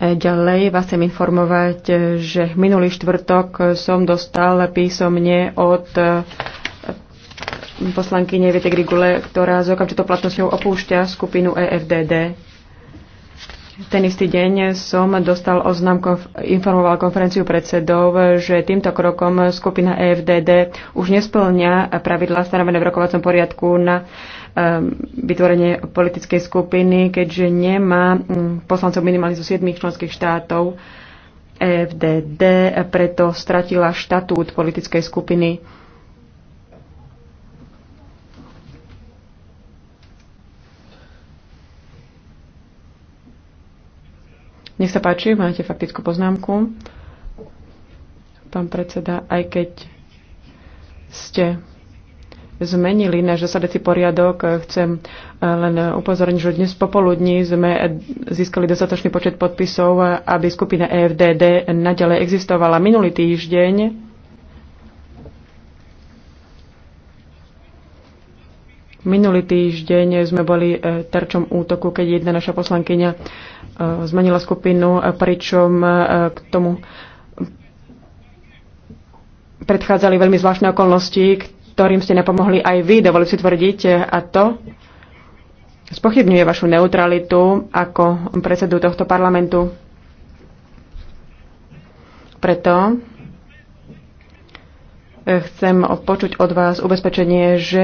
Ďalej vás chcem informovať, že minulý štvrtok som dostal písomne od eh, poslankyne Vete Grigule, ktorá s okamžitou platnosťou opúšťa skupinu EFDD ten istý deň som dostal oznam, informoval konferenciu predsedov, že týmto krokom skupina EFDD už nesplňa pravidlá stanovené v rokovacom poriadku na ehm, vytvorenie politickej skupiny, keďže nemá mm, poslancov minimálne zo 7 členských štátov EFDD, preto stratila štatút politickej skupiny. Nech sa páči, máte faktickú poznámku. Pán predseda, aj keď ste zmenili náš zasadací poriadok. Chcem len upozorniť, že dnes popoludní sme získali dostatočný počet podpisov, aby skupina EFDD nadalej existovala. Minulý týždeň Minulý týždeň sme boli e, terčom útoku, keď jedna naša poslankyňa e, zmenila skupinu, e, pričom k tomu predchádzali veľmi zvláštne okolnosti, ktorým ste nepomohli aj vy, dovolím si tvrdiť, a to spochybňuje vašu neutralitu ako predsedu tohto parlamentu. Preto chcem počuť od vás ubezpečenie, že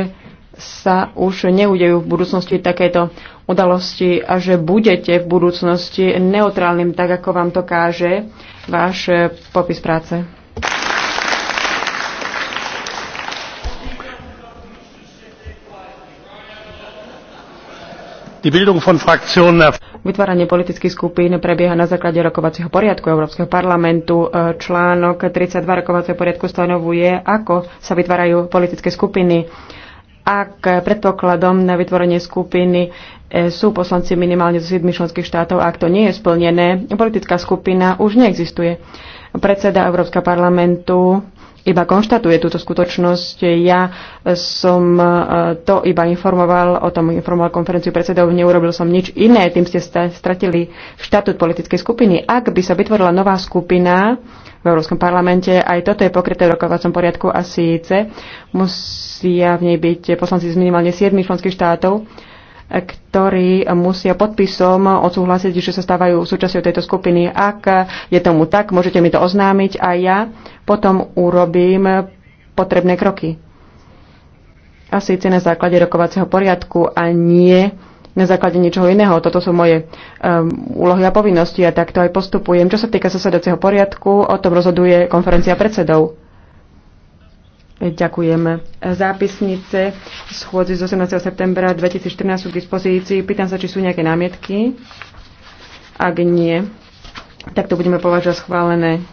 sa už neudejú v budúcnosti takéto udalosti a že budete v budúcnosti neutrálnym, tak ako vám to káže váš eh, popis práce. Vytváranie politických skupín prebieha na základe rokovacieho poriadku Európskeho parlamentu. Eh, článok 32 rokovacieho poriadku stanovuje, ako sa vytvárajú politické skupiny ak predpokladom na vytvorenie skupiny e, sú poslanci minimálne zo 7 členských štátov, ak to nie je splnené, politická skupina už neexistuje. Predseda Európska parlamentu iba konštatuje túto skutočnosť. Ja som eh, to iba informoval, o tom informoval konferenciu predsedov, neurobil som nič iné, tým ste stratili štatút politickej skupiny. Ak by sa vytvorila nová skupina v Európskom parlamente, aj toto je pokryté v rokovacom poriadku a síce musia v nej byť poslanci z minimálne 7 členských štátov, ktorí musia podpisom odsúhlasiť, že sa stávajú súčasťou tejto skupiny. Ak je tomu tak, môžete mi to oznámiť a ja potom urobím potrebné kroky. A síce na základe rokovacieho poriadku a nie na základe ničoho iného. Toto sú moje um, úlohy a povinnosti a takto aj postupujem. Čo sa týka zasadacieho poriadku, o tom rozhoduje konferencia predsedov. Ďakujeme. Zápisnice schôdzi z 18. septembra 2014 sú k dispozícii. Pýtam sa, či sú nejaké námietky. Ak nie, tak to budeme považovať schválené.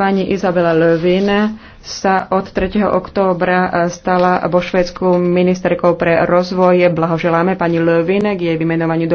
Pani Izabela Lövin sa od 3. októbra stala vo Švedsku ministerkou pre rozvoj. Blahoželáme pani Lövin k jej vymenovaniu do